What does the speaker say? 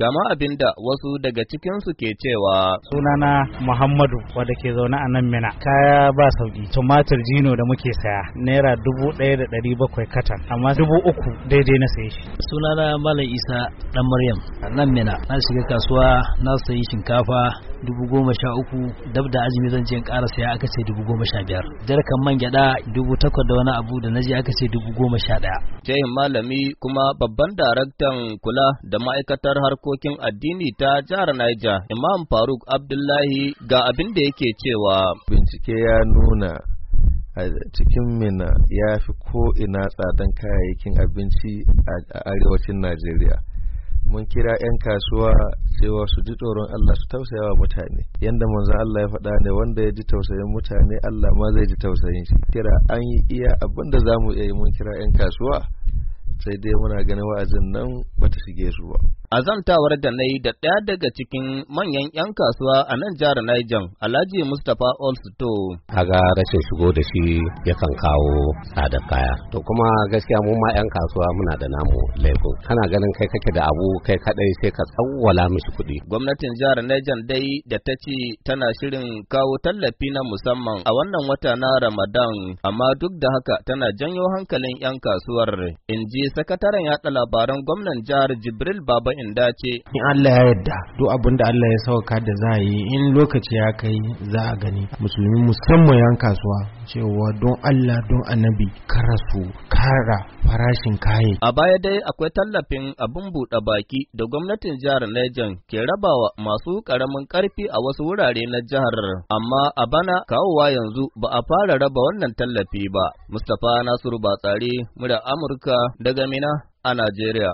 Gama abin da wasu daga cikinsu ke cewa. Sunana Muhammadu wadda ke zaune a nan mina. Kaya ba sauki. Tumatir jino da muke saya naira dubu ɗaya da ɗari bakwai katan amma dubu uku daidai na saye shi. Sunana Malam Isa dan Maryam a nan mina. Na shiga kasuwa na sayi shinkafa dubu goma sha uku dab da azumi zan je in ƙara saya aka ce dubu goma sha biyar. Jarkan man gyaɗa dubu takwas da wani abu da na je aka ce dubu goma sha ɗaya. Shehin Malami kuma babban daraktan kula da ma'aikatar harkokin harkokin addini ta jihar Niger, Imam Faruk Abdullahi ga abin da yake cewa. Bincike ya nuna a cikin mina ya fi ko ina tsadan kayayyakin abinci a arewacin Najeriya. mun kira 'yan kasuwa cewa su ji tsoron Allah su tausayawa mutane yanda manzo Allah ya faɗa ne wanda ya ji tausayin mutane Allah ma zai ji tausayin shi kira an yi iya abin da zamu iya yi mun kira 'yan kasuwa sai dai muna ganin wa'azin nan bata shige su ba Azantawar da na yi da ɗaya daga cikin manyan 'yan kasuwa a nan jihar Niger, Alhaji Mustapha Olsuto. Haga rashin shigo da shi yakan kawo tsadar kaya. To kuma gaskiya mu ma 'yan kasuwa muna da namu laifin. Kana ganin kai kake da abu kai kadai sai ka tsawwala mishi kuɗi. Gwamnatin jihar Niger dai da ta ce tana shirin kawo tallafi na musamman a wannan wata na Ramadan, amma duk da haka tana janyo hankalin 'yan kasuwar. In ji sakataren yaɗa labaran gwamnan jihar Jibril Baba in dace in Allah ya yarda duk abin da Allah ya sauka da za yi in lokaci ya kai za a gani musulmi musamman yan kasuwa cewa don Allah don annabi karasu kara farashin kayan a baya dai akwai tallafin abin buɗe baki da gwamnatin jihar Niger ke rabawa masu karamin karfi a wasu wurare na jihar amma a bana kawowa yanzu ba a fara raba wannan tallafi ba Mustapha Nasiru Batsari murya Amurka daga Mina a Najeriya